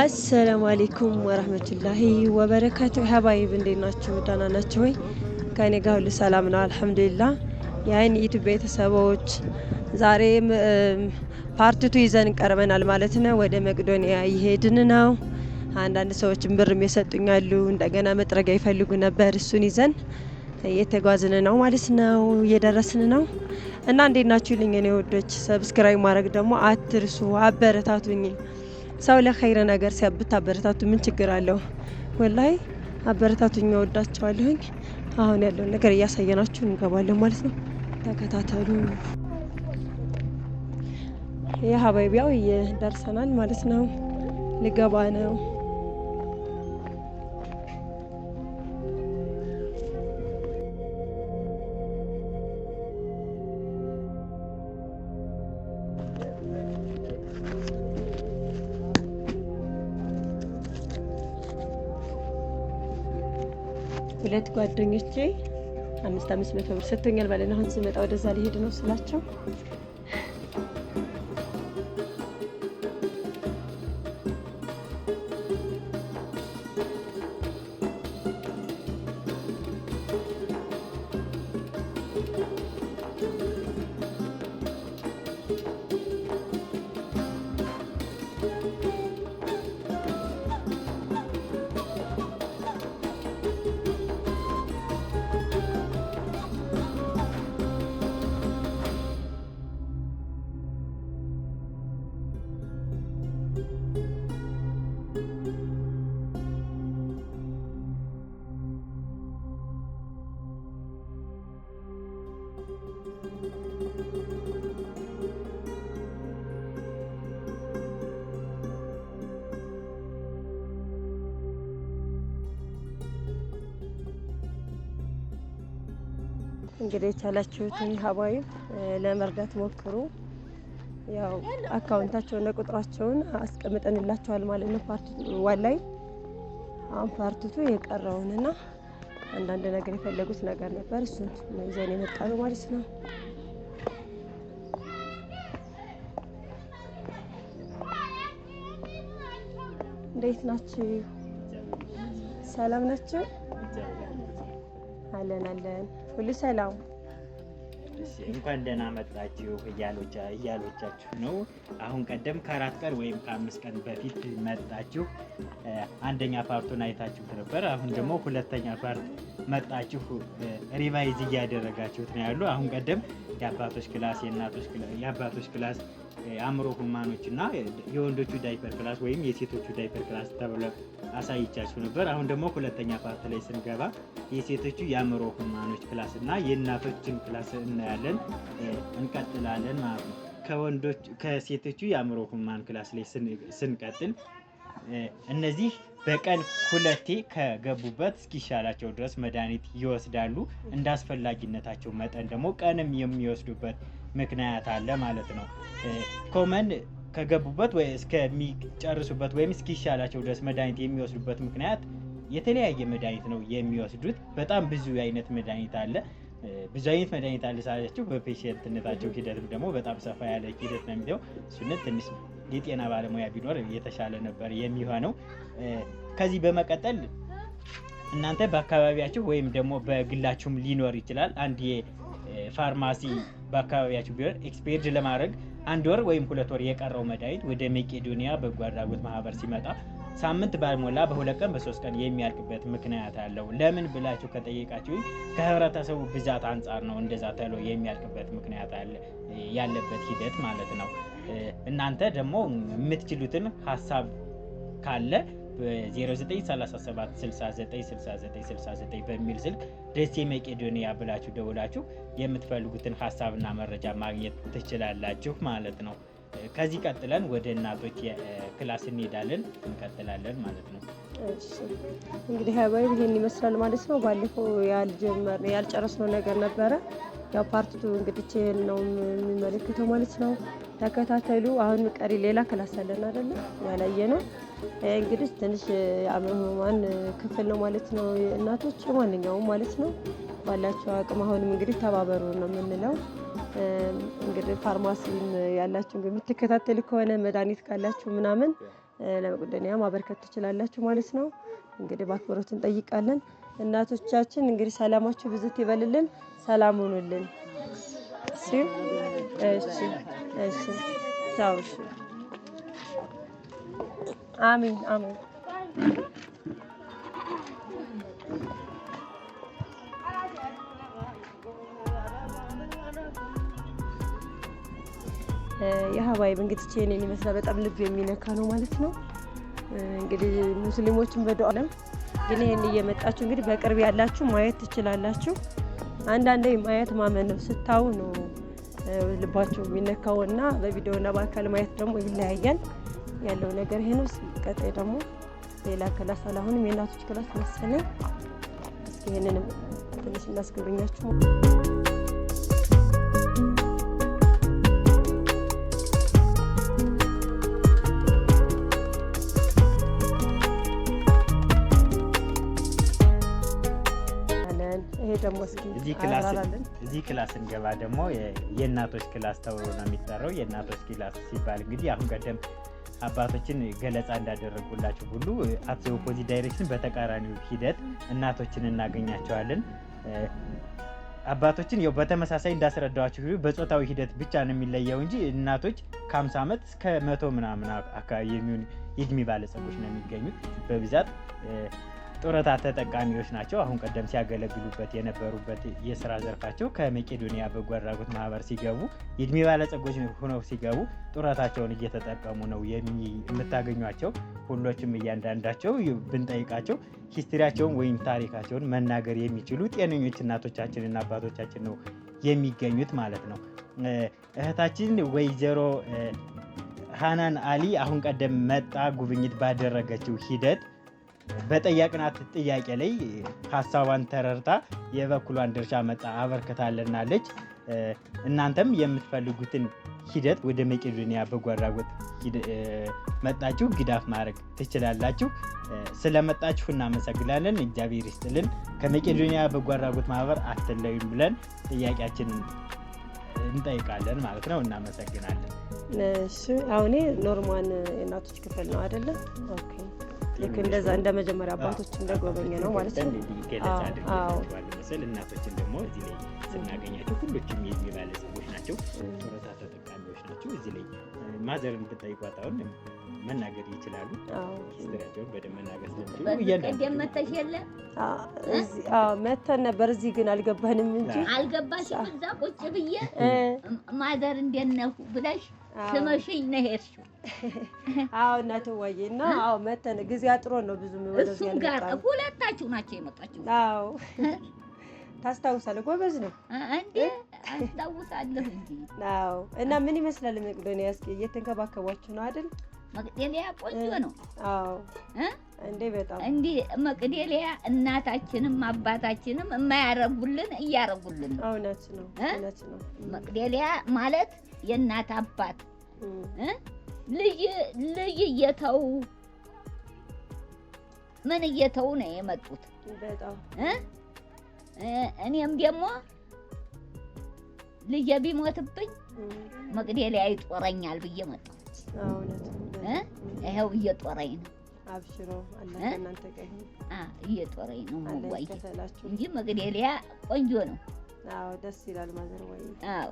አሰላሙ አሌይኩም ወረህመቱላሂ ወበረካቱ። ሀባይብ እንዴት ናችሁ? ደህና ናችሁ ወይ? ከእኔ ጋር ሁሉ ሰላም ነው አልሐምዱሊላ። የአይን ዩቱብ ቤተሰቦች ዛሬ ፓርቲቱ ይዘን ቀርበናል ማለት ነው። ወደ መቅዶኒያ እየሄድን ነው። አንዳንድ ሰዎችን ብርም የሰጡኛሉ። እንደገና መጥረጊያ ይፈልጉ ነበር። እሱን ይዘን እየተጓዝን ነው ማለት ነው፣ እየደረስን ነው እና እንዴት ናችሁ ልኝ እኔ ወዶች፣ ሰብስክራይብ ማድረግ ደግሞ አትርሱ፣ አበረታቱኝ ሰው ለኸይረ ነገር ሲያብት አበረታቱ ምን ችግር አለው? ወላይ አበረታቱኝ፣ ወዳቸዋለሁኝ። አሁን ያለውን ነገር እያሳየናችሁ እንገባለን ማለት ነው። ተከታተሉ። የሀባይቢያው ደርሰናል ማለት ነው። ልገባ ነው። ጓደኞቼ አምስት አምስት መቶ ብር ሰጥቶኛል ባለን አሁን ስመጣ ወደዛ ሊሄድ ነው ስላቸው እንግዲህ የቻላችሁትን ሀባይ ለመርዳት ሞክሩ። ያው አካውንታቸውና ቁጥራቸውን አስቀምጠንላቸዋል ማለት ነው። ፓርት ዋን ላይ አሁን የቀረውን የቀረውንና አንዳንድ ነገር የፈለጉት ነገር ነበር። እሱን ይዘን የመጣ ነው ማለት ነው። እንዴት ናችሁ? ሰላም ናችሁ? አለን አለን ሁሉ ሰላም እንኳን ደህና መጣችሁ እያሎቻችሁ ነው። አሁን ቀደም ከአራት ቀን ወይም ከአምስት ቀን በፊት መጣችሁ አንደኛ ፓርቱን አይታችሁት ነበር። አሁን ደግሞ ሁለተኛ ፓርት መጣችሁ ሪቫይዝ እያደረጋችሁት ነው ያሉ አሁን ቀደም የአባቶች ክላስ የእናቶች የአባቶች ክላስ አእምሮ ሁማኖች እና የወንዶቹ ዳይፐር ክላስ ወይም የሴቶቹ ዳይፐር ክላስ ተብሎ አሳይቻችሁ ነበር። አሁን ደግሞ ሁለተኛ ፓርት ላይ ስንገባ የሴቶቹ የአእምሮ ሁማኖች ክላስ እና የእናቶችን ክላስ እናያለን። እንቀጥላለን ማለት ነው። ከወንዶች ከሴቶቹ የአእምሮ ሁማን ክላስ ላይ ስንቀጥል እነዚህ በቀን ሁለቴ ከገቡበት እስኪሻላቸው ድረስ መድኃኒት ይወስዳሉ። እንደ አስፈላጊነታቸው መጠን ደግሞ ቀንም የሚወስዱበት ምክንያት አለ ማለት ነው። ኮመን ከገቡበት ወይ እስከሚጨርሱበት ወይም እስኪሻላቸው ድረስ መድኃኒት የሚወስዱበት ምክንያት የተለያየ መድኃኒት ነው የሚወስዱት። በጣም ብዙ አይነት መድኃኒት አለ። ብዙ አይነት መድኃኒት አለ ሳላቸው በፔሽንትነታቸው ሂደትም ደግሞ በጣም ሰፋ ያለ ሂደት ነው የሚለው። እሱነት ትንሽ የጤና ባለሙያ ቢኖር የተሻለ ነበር የሚሆነው። ከዚህ በመቀጠል እናንተ በአካባቢያችሁ ወይም ደግሞ በግላችሁም ሊኖር ይችላል አንድ ፋርማሲ በአካባቢያችሁ ቢሆን ኤክስፔርድ ለማድረግ አንድ ወር ወይም ሁለት ወር የቀረው መድኃኒት ወደ መቄዶንያ በጎ አድራጎት ማህበር ሲመጣ ሳምንት ባልሞላ በሁለት ቀን በሶስት ቀን የሚያልቅበት ምክንያት አለው። ለምን ብላችሁ ከጠየቃችሁ ከህብረተሰቡ ብዛት አንጻር ነው። እንደዛ ተሎ የሚያልቅበት ምክንያት አለ ያለበት ሂደት ማለት ነው። እናንተ ደግሞ የምትችሉትን ሀሳብ ካለ 0937696969 በሚል ስልክ ደሴ መቄዶንያ ብላችሁ ደውላችሁ የምትፈልጉትን ሀሳብና መረጃ ማግኘት ትችላላችሁ ማለት ነው። ከዚህ ቀጥለን ወደ እናቶች ክላስ እንሄዳለን፣ እንቀጥላለን ማለት ነው። እንግዲህ ሀባይ ይህን ይመስላል ማለት ነው። ባለፈው ያልጨረስነው ነገር ነበረ። ያው ፓርቲቱ እንግዲህ ነው የሚመለከተው ማለት ነው። ተከታተሉ። አሁን ቀሪ ሌላ ክላስ አለን አይደለ? ያላየ ነው እንግዲህ ትንሽ የአእምሮ ህሙማን ክፍል ነው ማለት ነው። እናቶች ማንኛውም ማለት ነው ባላቸው አቅም አሁንም እንግዲህ ተባበሩ ነው የምንለው። እንግዲህ ፋርማሲም ያላችሁ የምትከታተል ከሆነ መድኃኒት ካላችሁ ምናምን ለመቄዶንያ ማበርከት ትችላላችሁ ማለት ነው። እንግዲህ በአክብሮት እንጠይቃለን። እናቶቻችን እንግዲህ ሰላማችሁ ብዝት ይበልልን፣ ሰላም ሁኑልን። እሺ፣ እሺ፣ እሺ። አሚን አሚን። የሀባይብ እንግዲህ ቼኔን ይመስላል። በጣም ልብ የሚነካ ነው ማለት ነው። እንግዲህ ሙስሊሞችን በዱዓ አለም ግን ይህን እየመጣችሁ እንግዲህ በቅርብ ያላችሁ ማየት ትችላላችሁ። አንዳንዴ ማየት ማመን ነው። ስታው ነው ልባቸው የሚነካው እና በቪዲዮና በአካል ማየት ደግሞ ይለያያል። ያለው ነገር ይሄ ነው። ቀጣይ ደግሞ ሌላ ክላስ አለ። አሁንም የእናቶች ክላስ መሰለኝ። እስኪ ይህንንም ትንሽ እናስገብኛችሁ። እዚህ ክላስ ስንገባ ደግሞ የእናቶች ክላስ ተብሎ ነው የሚጠራው። የእናቶች ክላስ ሲባል እንግዲህ አሁን ቀደም አባቶችን ገለጻ እንዳደረጉላቸው ሁሉ አት ኦፖዚት ዳይሬክሽን በተቃራኒው ሂደት እናቶችን እናገኛቸዋለን። አባቶችን ያው በተመሳሳይ እንዳስረዳዋቸው በጾታዊ ሂደት ብቻ ነው የሚለየው እንጂ እናቶች ከ50 ዓመት እስከ መቶ ምናምን አካባቢ የሚሆን የእድሜ ባለጸጎች ነው የሚገኙት በብዛት ጡረታ ተጠቃሚዎች ናቸው። አሁን ቀደም ሲያገለግሉበት የነበሩበት የስራ ዘርፋቸው ከመቄዶንያ በጎ አድራጎት ማህበር ሲገቡ የእድሜ ባለጸጎች ሆነው ሲገቡ ጡረታቸውን እየተጠቀሙ ነው የምታገኟቸው። ሁሎችም እያንዳንዳቸው ብንጠይቃቸው ሂስትሪያቸውን ወይም ታሪካቸውን መናገር የሚችሉ ጤነኞች እናቶቻችንና አባቶቻችን ነው የሚገኙት ማለት ነው። እህታችን ወይዘሮ ሃናን አሊ አሁን ቀደም መጣ ጉብኝት ባደረገችው ሂደት በጠያቅናት ጥያቄ ላይ ሀሳቧን ተረርታ የበኩሏን ድርሻ መጣ አበርክታልናለች። እናንተም የምትፈልጉትን ሂደት ወደ መቄዶኒያ በጎ አድራጎት መጣችሁ ግዳፍ ማድረግ ትችላላችሁ። ስለመጣችሁ እናመሰግናለን። እግዚአብሔር ይስጥልን። ከመቄዶኒያ በጎ አድራጎት ማህበር አትለዩም ብለን ጥያቄያችንን እንጠይቃለን ማለት ነው። እናመሰግናለን። እሺ አሁን ኖርማን የእናቶች ክፍል ነው አይደለም? ኦኬ ልክ እንደዛ እንደ መጀመሪያ አባቶች እንደጎበኘ ነው ማለት ነው። መሰል እናቶችን ደግሞ እዚህ ላይ ስናገኛቸው ሁሎችም የዚህ ባለሰቦች ናቸው፣ ጡረታ ተጠቃሚዎች ናቸው። እዚህ ላይ ማዘርን ብትጠይቋት አሁን መናገር ይችላሉ። ሂስትሪያቸውን በደንብ መናገር ስለሚችሉ መተን ነበር። እዚህ ግን አልገባንም እንጂ አልገባሽም። እዛ ቁጭ ብዬ ማዘር እንደነሁ ብለሽ ስመሽኝ ነው አዎ እናት ወይ እና አዎ መተን ጊዜ አጥሮ ነው ብዙ እሱ ጋር ሁለታችሁ ናቸው የመጣችሁ። አዎ ታስታውሳለህ፣ ጎበዝ ነው እንዴ? አስታውሳለሁ እንጂ። አዎ እና ምን ይመስላል መቅዶኒያ? እስኪ እየተንከባከቧችሁ ነው አይደል? መቅደሊያ ቆንጆ ነው። አዎ እንዴ በጣም እንዴ መቅደሊያ እናታችንም አባታችንም የማያረጉልን እያረጉልን ነው። እውነት ነው፣ እውነት ነው። መቅደሊያ ማለት የእናት አባት ልይ ልይ እየተው ምን እየተው ነው የመጡት። እኔም ደግሞ ልየ ቢሞትብኝ መቅደላ ይጦረኛል ብዬ መጣሁ። ይኸው እየጦረኝ ነው። አብሽሮ እየጦረኝ ነው እንጂ መቅደላ ቆንጆ ነው። አዎ ደስ ይላል። ማዘር ወይ አዎ፣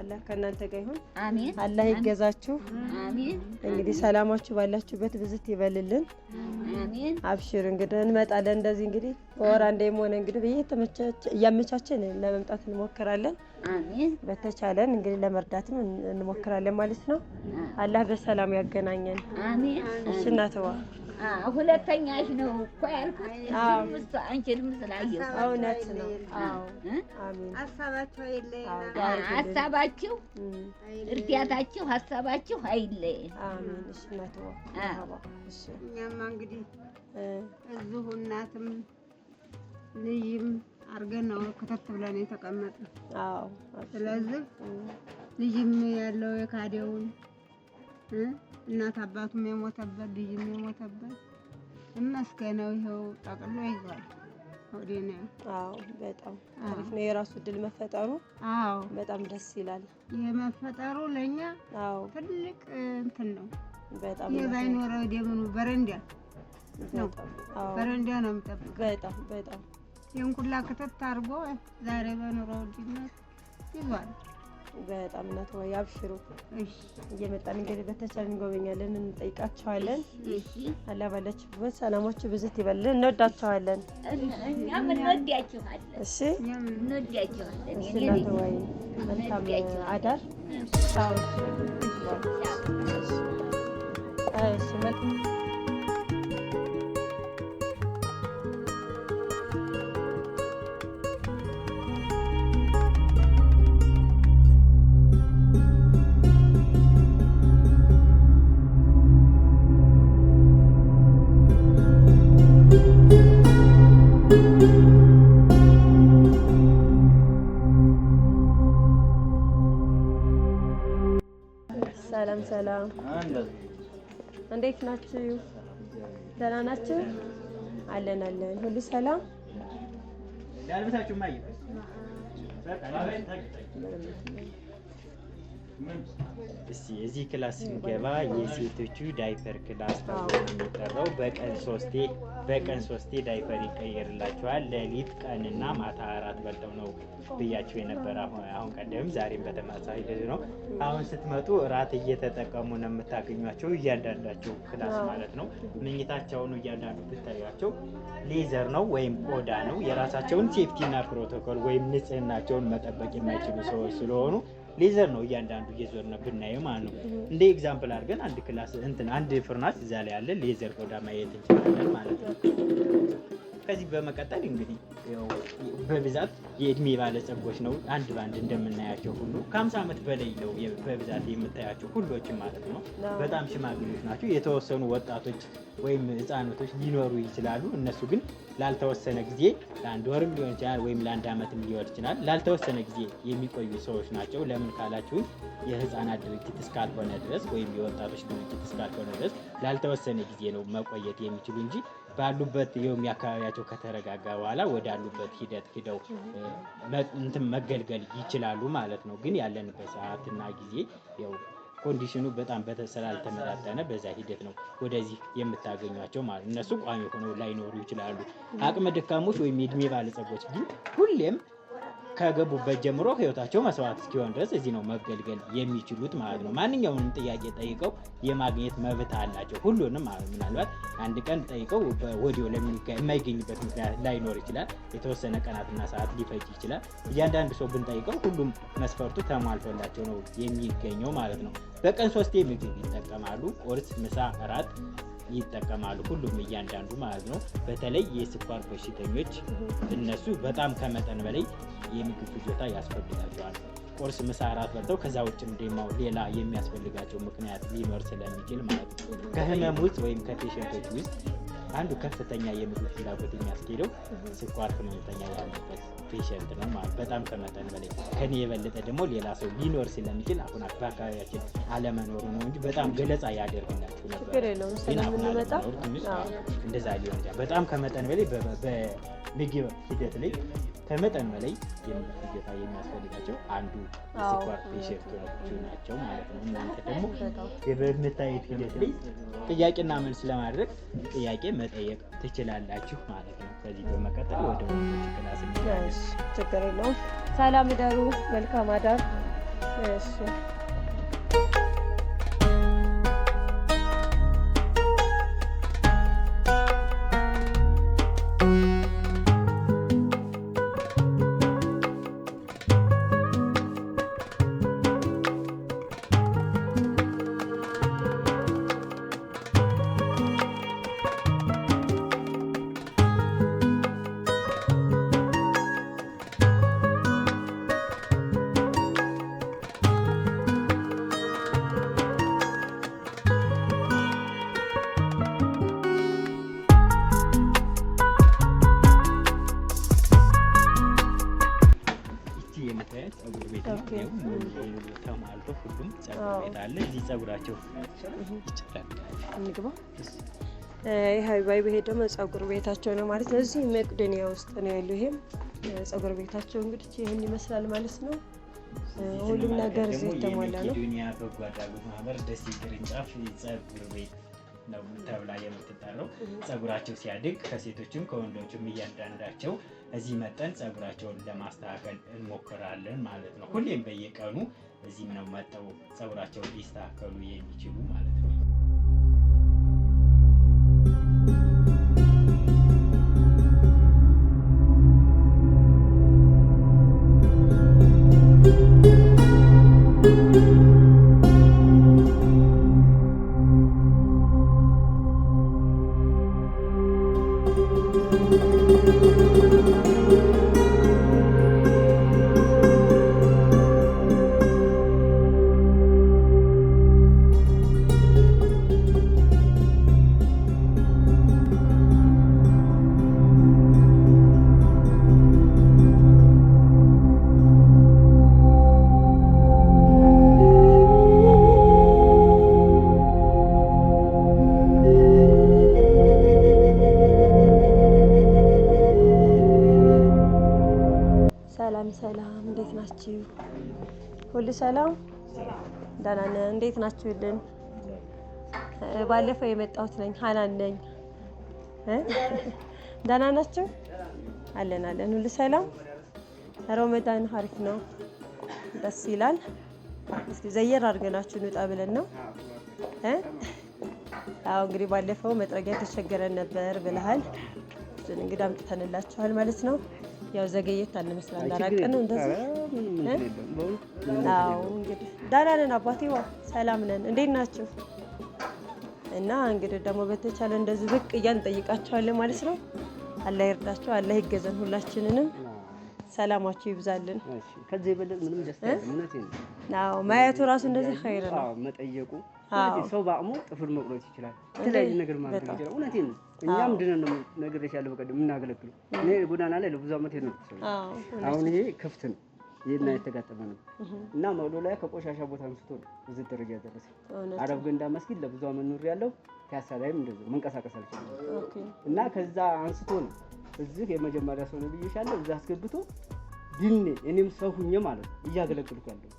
አላህ ከእናንተ ጋር ይሁን። አሜን። አላህ ይገዛችሁ። አሜን። እንግዲህ ሰላማችሁ ባላችሁበት ብዝት ይበልልን። አሜን። አብሽር እንግዲህ እንመጣለን። እንደዚህ እንግዲህ ወራ እንደም ሆነ እንግዲህ እያመቻችን ለመምጣት እንሞክራለን። አሜን። በተቻለን እንግዲህ ለመርዳትም እንሞክራለን ማለት ነው። አላህ በሰላም ያገናኘን። አሜን። እሺ እናትዋ ሁለተኛሽ ነው እኮ ያልኩት። አንቺንም ስላየሁ እውነት ነው። ሀሳባችሁ እርዳታችሁ፣ ሀሳባችሁ አይለየን። እኛማ እንግዲህ እዚሁ እናትም ልይም አድርገን ነው ከተት ብለን የተቀመጥን። ስለዚህ ልይም ያለው የካዴውን እናት አባቱም የሞተበት ልጅም የሞተበት እመስገነው ይኸው ጠቅሎ ይዟል። አዎ፣ በጣም አሪፍ ነው የራሱ እድል መፈጠሩ። አዎ፣ በጣም ደስ ይላል የመፈጠሩ ለኛ። አዎ፣ ትልቅ እንትን ነው በጣም የባይኖረው ደምኑ በረንዳ ነው በረንዳ ነው የሚጠብቀው። በጣም በጣም ይህን ሁላ ክትት አድርጎ ዛሬ በኑሮ ውድነት ይዟል። በጣም እናት ወይ አብሽሩ። እየመጣን እንግዲህ በተቻለ እንጎበኛለን፣ እንጠይቃቸዋለን። አላ ባላችሁበት ሰላማችሁ ብዝት ይበል። እንወዳቸዋለን። እኛም እንወዳቸዋለን። እሺ እናት ወይ መልካም አዳር። እሺ መልካም እንዴት ናችሁ? ደህና ናችሁ? አለን አለን፣ ሁሉ ሰላም ዳልበታችሁ ማየ እስቲ እዚህ ክላስ ስንገባ የሴቶቹ ዳይፐር ክላስ ተብሎ የሚጠራው በቀን ሶስቴ በቀን ሶስቴ ዳይፐር ይቀየርላቸዋል። ሌሊት፣ ቀንና ማታ አራት በልተው ነው ብያቸው የነበረ አሁን ቀደም ዛሬም በተመሳሳይ ነው። አሁን ስትመጡ እራት እየተጠቀሙ ነው የምታገኟቸው፣ እያንዳንዳቸው ክላስ ማለት ነው። ምኝታቸውን እያንዳንዱ ብታያቸው ሌዘር ነው ወይም ቆዳ ነው። የራሳቸውን ሴፍቲና ፕሮቶኮል ወይም ንጽህናቸውን መጠበቅ የማይችሉ ሰዎች ስለሆኑ ሌዘር ነው እያንዳንዱ እየዞር ነው ብናየው ማለት ነው። እንደ ኤግዛምፕል አድርገን አንድ ክላስ እንትን አንድ ፍርናት እዛ ላይ ያለ ሌዘር ቆዳ ማየት እንችላለን ማለት ነው። ከዚህ በመቀጠል እንግዲህ በብዛት የእድሜ ባለጸጎች ነው አንድ ባንድ እንደምናያቸው ሁሉ ከሀምሳ ዓመት በላይ ነው በብዛት የምታያቸው ሁሎችም ማለት ነው። በጣም ሽማግሌዎች ናቸው። የተወሰኑ ወጣቶች ወይም ህፃኖቶች ሊኖሩ ይችላሉ። እነሱ ግን ላልተወሰነ ጊዜ ለአንድ ወርም ሊሆን ይችላል፣ ወይም ለአንድ ዓመትም ሊሆን ይችላል። ላልተወሰነ ጊዜ የሚቆዩ ሰዎች ናቸው። ለምን ካላችሁ የህፃናት ድርጅት እስካልሆነ ድረስ ወይም የወጣቶች ድርጅት እስካልሆነ ድረስ ላልተወሰነ ጊዜ ነው መቆየት የሚችሉ እንጂ ባሉበት የውም የአካባቢያቸው ከተረጋጋ በኋላ ወዳሉበት ሂደት ሂደው እንትን መገልገል ይችላሉ ማለት ነው። ግን ያለንበት ሰዓትና ጊዜ ያው ኮንዲሽኑ በጣም ስላልተመጣጠነ በዛ ሂደት ነው ወደዚህ የምታገኟቸው ማለት እነሱ ቋሚ ሆነው ላይኖሩ ይችላሉ። አቅመ ደካሞች ወይም የእድሜ ባለጸጎች ግን ሁሌም ከገቡበት ጀምሮ ህይወታቸው መስዋዕት እስኪሆን ድረስ እዚህ ነው መገልገል የሚችሉት ማለት ነው። ማንኛውንም ጥያቄ ጠይቀው የማግኘት መብት አላቸው። ሁሉንም ምናልባት አንድ ቀን ጠይቀው ወዲያው የማይገኝበት ምክንያት ላይኖር ይችላል። የተወሰነ ቀናትና ሰዓት ሊፈጅ ይችላል። እያንዳንዱ ሰው ብንጠይቀው ሁሉም መስፈርቱ ተሟልቶላቸው ነው የሚገኘው ማለት ነው። በቀን ሶስቴ ምግብ ይጠቀማሉ። ቁርስ፣ ምሳ፣ እራት ይጠቀማሉ። ሁሉም እያንዳንዱ ማለት ነው። በተለይ የስኳር በሽተኞች እነሱ በጣም ከመጠን በላይ የምግብ ፍጆታ ያስፈልጋቸዋል። ቁርስ፣ ምሳ፣ እራት በልተው ከዛ ውጭ እንደማው ሌላ የሚያስፈልጋቸው ምክንያት ሊኖር ስለሚችል ማለት ነው ከህመም ውስጥ ወይም ከፔሸንቶች ውስጥ አንዱ ከፍተኛ የምግብ ፍላጎት የሚያስኬደው ስኳር ህመምተኛ ያለበት ፔሸንት ነው ማለት በጣም ከመጠን በላይ ከኔ የበለጠ ደግሞ ሌላ ሰው ሊኖር ስለሚችል አሁን በአካባቢያችን አለመኖሩ ነው እንጂ በጣም ገለጻ ያደርግላችሁ ነበር። ግን አሁን እንደዛ ሊሆን በጣም ከመጠን በላይ በምግብ ሂደት ላይ ከመጠን በላይ የምግብታ የሚያስፈልጋቸው አንዱ የስኳር ፔሸንቶቹ ናቸው ማለት ነው። እናንተ ደግሞ በምታዩት ሂደት ላይ ጥያቄና መልስ ለማድረግ ጥያቄ መጠየቅ ትችላላችሁ ማለት ነው። ከዚህ በመቀጠል ወደ ወንዶች ክላስ ችግር የለውም። ሰላም እደሩ። መልካም አዳር። እሺ እንደዚህ ጸጉራቸው ይሄ ባይ የሀቢባይ ደግሞ ጸጉር ቤታቸው ነው ማለት ነው። እዚህ መቅደኒያ ውስጥ ነው ያለው። ይሄም ጸጉር ቤታቸው እንግዲህ ይህን ይመስላል ማለት ነው። ሁሉም ነገር እዚህ የተሟላ ነው። መቄዶንያ በጎ አድራጎት ማህበር ደሴ ቅርንጫፍ ጸጉር ቤት ነው ተብላ የምትጠራው። ጸጉራቸው ሲያድግ ከሴቶችም ከወንዶችም እያንዳንዳቸው እዚህ መጠን ጸጉራቸውን ለማስተካከል እንሞክራለን ማለት ነው። ሁሌም በየቀኑ እዚህም ነው መጥተው ጸጉራቸውን ሊስተካከሉ የሚችሉ ማለት ነው። ሰላም ሰላም፣ እንዴት ናችሁ? ሁሉ ሰላም ደህና ነን። እንዴት ናችሁልን? ባለፈው የመጣሁት ነኝ፣ ሀናን ነኝ። ደህና ናችሁ? አለን አለን፣ ሁሉ ሰላም። ረመዳን ሀሪፍ ነው፣ ደስ ይላል። እስኪ ዘየር አድርገናችሁ እንውጣ ብለን ነው። አዎ እንግዲህ ባለፈው መጥረጊያ ተቸገረን ነበር ብለሃል። እንግዲህ አምጥተንላችኋል ማለት ነው። ያው ዘገየት አለ መስላል አላቀን ነው እንደዚህ። እንግዲህ ደህና ነን አባቴዋ፣ ሰላም ነን። እንዴት ናችሁ? እና እንግዲህ ደግሞ በተቻለ እንደዚህ ብቅ እያልን እንጠይቃቸዋለን ማለት ነው። አላህ ይርዳቸው፣ አላህ ይገዘን፣ ሁላችንንም ሰላማችሁ ይብዛልን። ከዚህ የበለጠ ምንም ደስታ ማየቱ ራሱ እንደዚህ ኸይር ነው። መጠየቁ ሰው በአቅሙ ጥፍር መቁረጥ ይችላል፣ የተለያዩ ነገር ማድረግ ይችላል። እውነቴን ነው እኛ ድነን ነው ነግሬሻለሁ። በቀደም የምናገለግለው እኔ ጎዳና ላይ ለብዙ ዓመት ነው። አሁን ይሄ ክፍት ነው ይህና የተጋጠመ ነው እና መውሎ ላይ ከቆሻሻ ቦታ አንስቶ ነው እዚህ ደረጃ ደረሰ። አረብ ገንዳ መስጊድ ለብዙ ዓመት ኑር ያለው ፒያሳ ላይም እንደዚሁ መንቀሳቀስ አልቻለ እና ከዛ አንስቶ ነው እዚህ የመጀመሪያ ሰው ነው ብዬሻለሁ። እዛ አስገብቶ ድኔ እኔም ሰው ሁኜ ማለት ነው እያገለግልኩ ያለው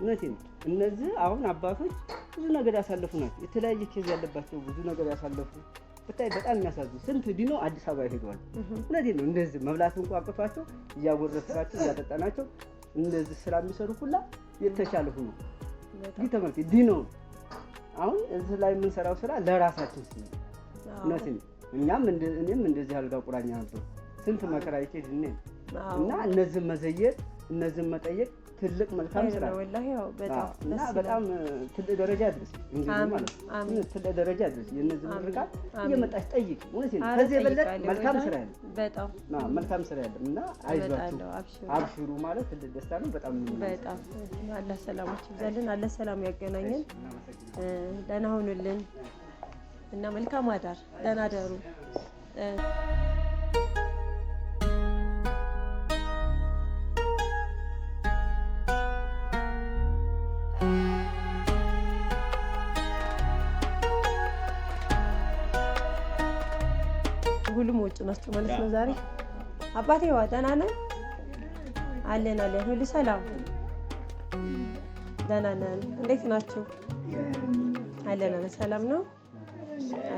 እውነቴን ነው። እነዚህ አሁን አባቶች ብዙ ነገር ያሳለፉ ናቸው። የተለያየ ኬዝ ያለባቸው ብዙ ነገር ያሳለፉ ብታይ በጣም የሚያሳዝን ስንት ዲኖ አዲስ አበባ ይሄዷል። እውነቴ ነው። እንደዚህ መብላት እንኳ አቅቷቸው እያጎረስካቸው እያጠጣናቸው እንደዚህ ስራ የሚሰሩ ሁላ የተሻለ ሁኑ። ይህ ተመልክ ዲኖ አሁን እዚህ ላይ የምንሰራው ስራ ለራሳችን ስ እውነት እኛም እኔም እንደዚህ አልጋ ቁራኛ ነበር ስንት መከራ ይቼ ድኔ እና እነዚህ መዘየት እነዚህ መጠየቅ ትልቅ መልካም ስራ እና በጣም ትልቅ ደረጃ ድረስ ትልቅ ደረጃ ድረስ የነዚህ ምርቃት እየመጣች ጠይቅ። እውነቴን ነው። ከዚህ የበለጠ መልካም ስራ ያለ መልካም ስራ ያለ እና አይዟችሁ አብሽሩ ማለት ትልቅ ደስታ ነው። በጣም በጣም አላህ ሰላሞች ይብዛልን። አላህ ሰላም ያገናኘን። ደህና ሁኑልን እና መልካም አዳር። ደህና አደሩ። ናቸው ማለት ነው። ዛሬ አባቴ ዋ ደህና ነህ? አለን አለ ሁሉ ሰላም ደህና ነን። እንዴት ናችሁ? አለን አለ ሰላም ነው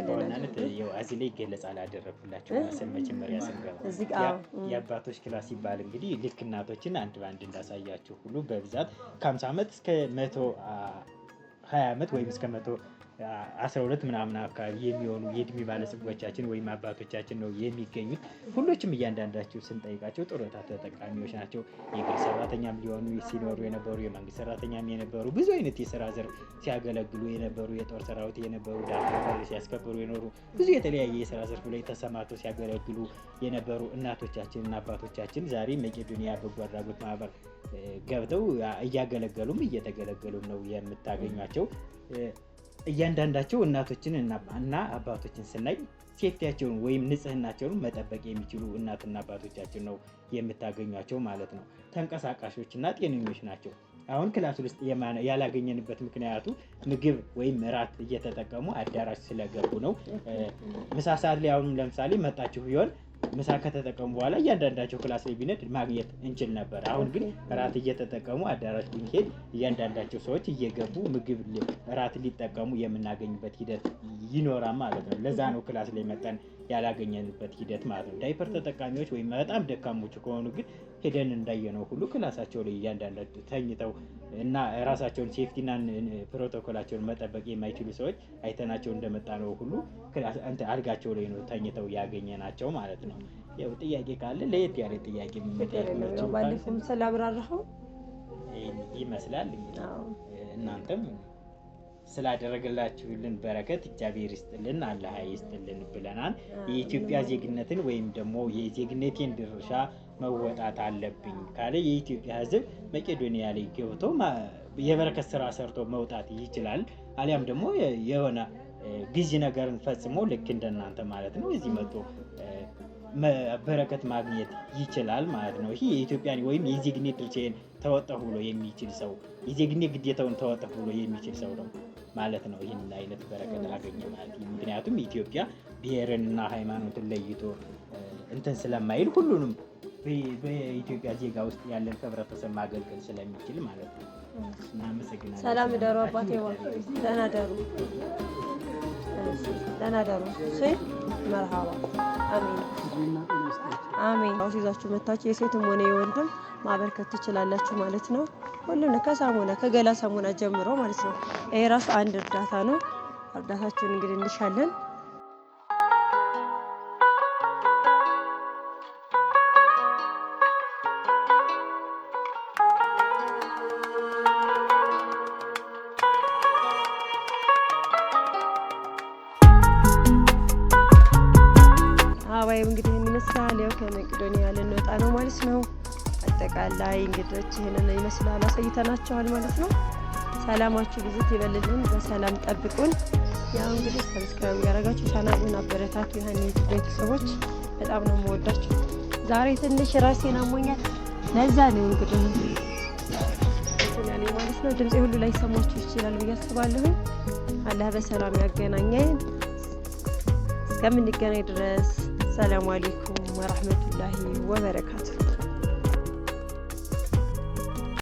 በዋናነት እዚህ ላይ ይገለጻል ያደረግኩላቸው ስል መጀመሪያ ስንገባ የአባቶች ክላስ ይባል እንግዲህ ልክ እናቶችን አንድ በአንድ እንዳሳያችሁ ሁሉ በብዛት ከ50 ዓመት እስከ መቶ 20 ዓመት ወይም እስከ መቶ አስራ ሁለት ምናምን አካባቢ የሚሆኑ የእድሜ ባለጸጎቻችን ወይም አባቶቻችን ነው የሚገኙት። ሁሎችም እያንዳንዳቸው ስንጠይቃቸው ጡረታ ተጠቃሚዎች ናቸው። የግል ሰራተኛም ሊሆኑ ሲኖሩ የነበሩ የመንግስት ሰራተኛም የነበሩ ብዙ አይነት የስራ ዘርፍ ሲያገለግሉ የነበሩ የጦር ሰራዊት የነበሩ ዳር ሲያስከብሩ የኖሩ ብዙ የተለያየ የስራ ዘርፍ ላይ ተሰማርተው ሲያገለግሉ የነበሩ እና አባቶቻችን ዛሬ መቄዶንያ በጎ አድራጎት ማህበር ገብተው እያገለገሉም እየተገለገሉም ነው የምታገኟቸው። እያንዳንዳቸው እናቶችን እና አባቶችን ስናይ ሴፍቲያቸውን ወይም ንጽህናቸውን መጠበቅ የሚችሉ እናትና አባቶቻችን ነው የምታገኟቸው ማለት ነው። ተንቀሳቃሾች እና ጤነኞች ናቸው። አሁን ክላስ ውስጥ ያላገኘንበት ምክንያቱ ምግብ ወይም እራት እየተጠቀሙ አዳራሽ ስለገቡ ነው። ምሳ ሰዓት ላይ አሁን ለምሳሌ መጣችሁ ቢሆን ምሳ ከተጠቀሙ በኋላ እያንዳንዳቸው ክላስ ላይ ቢነድ ማግኘት እንችል ነበር። አሁን ግን እራት እየተጠቀሙ አዳራሽ ብንሄድ እያንዳንዳቸው ሰዎች እየገቡ ምግብ እራት ሊጠቀሙ የምናገኝበት ሂደት ይኖራል ማለት ነው። ለዛ ነው ክላስ ላይ መጠን ያላገኘንበት ሂደት ማለት ነው። ዳይፐር ተጠቃሚዎች ወይም በጣም ደካሞች ከሆኑ ግን ሄደን እንዳየነው ሁሉ ክላሳቸው ላይ እያንዳንዱ ተኝተው እና ራሳቸውን ሴፍቲና ፕሮቶኮላቸውን መጠበቅ የማይችሉ ሰዎች አይተናቸው እንደመጣ ነው ሁሉ አልጋቸው ላይ ነው ተኝተው ያገኘናቸው ማለት ነው። ያው ጥያቄ ካለ ለየት ያለ ጥያቄ የሚመጣ ባለፈውም ስላብራራኸው ይመስላል እናንተም ስላደረገላችሁልን በረከት እግዚአብሔር ይስጥልን፣ አላህ ይስጥልን ብለናል። የኢትዮጵያ ዜግነትን ወይም ደግሞ የዜግነቴን ድርሻ መወጣት አለብኝ ካለ የኢትዮጵያ ሕዝብ መቄዶንያ ላይ ገብቶ የበረከት ስራ ሰርቶ መውጣት ይችላል። አሊያም ደግሞ የሆነ ጊዜ ነገርን ፈጽሞ ልክ እንደናንተ ማለት ነው እዚህ መጥቶ በረከት ማግኘት ይችላል ማለት ነው። ይህ የኢትዮጵያን ወይም የዜግነት ድርሻዬን ተወጣሁ ብሎ የሚችል ሰው የዜግነት ግዴታውን ተወጣሁ ብሎ የሚችል ሰው ነው። ማለት ነው። ይህን አይነት በረከት አገኘ ማለት ነው። ምክንያቱም ኢትዮጵያ ብሔርንና ሃይማኖትን ለይቶ እንትን ስለማይል ሁሉንም በኢትዮጵያ ዜጋ ውስጥ ያለን ህብረተሰብ ማገልገል ስለሚችል ማለት ነው። እናመሰግናለን። ሰላም ደሩ አባቴ ደህና ደሩ ደህና ደሩ መርሃባ አሜን አሜን። ይዛችሁ መታችሁ የሴትም ሆነ የወንድም ማበርከት ትችላላችሁ ማለት ነው። ሁሉም ከሳሙና ከገላ ሳሙና ጀምሮ ማለት ነው። ይሄ ራሱ አንድ እርዳታ ነው። እርዳታችሁን እንግዲህ እንሻለን። አባይም እንግዲህ ይመስላል ያው ከመቄዶንያ ልንወጣ ነው ማለት ነው። አጠቃላይ እንግዶች ይህንን ይመስላል አሳይተናቸዋል ማለት ነው። ሰላማችሁ ብዙት ይበልልን፣ በሰላም ጠብቁን። ያው እንግዲህ ሰብስክራይብ ያደረጋችሁ ቻናሉን አበረታቱ። ይህን ቤተሰቦች በጣም ነው የምወዳችሁ። ዛሬ ትንሽ ራሴን አሞኛል፣ ለዛ ነው እንግዲህ ማለት ነው። ድምፄ ሁሉ ላይ ሰማችሁ ይችላል ብዬ አስባለሁ። አላህ በሰላም ያገናኘን። እስከምንገናኝ ድረስ ሰላም አሌይኩም ወረህመቱላሂ ወበረካቱ።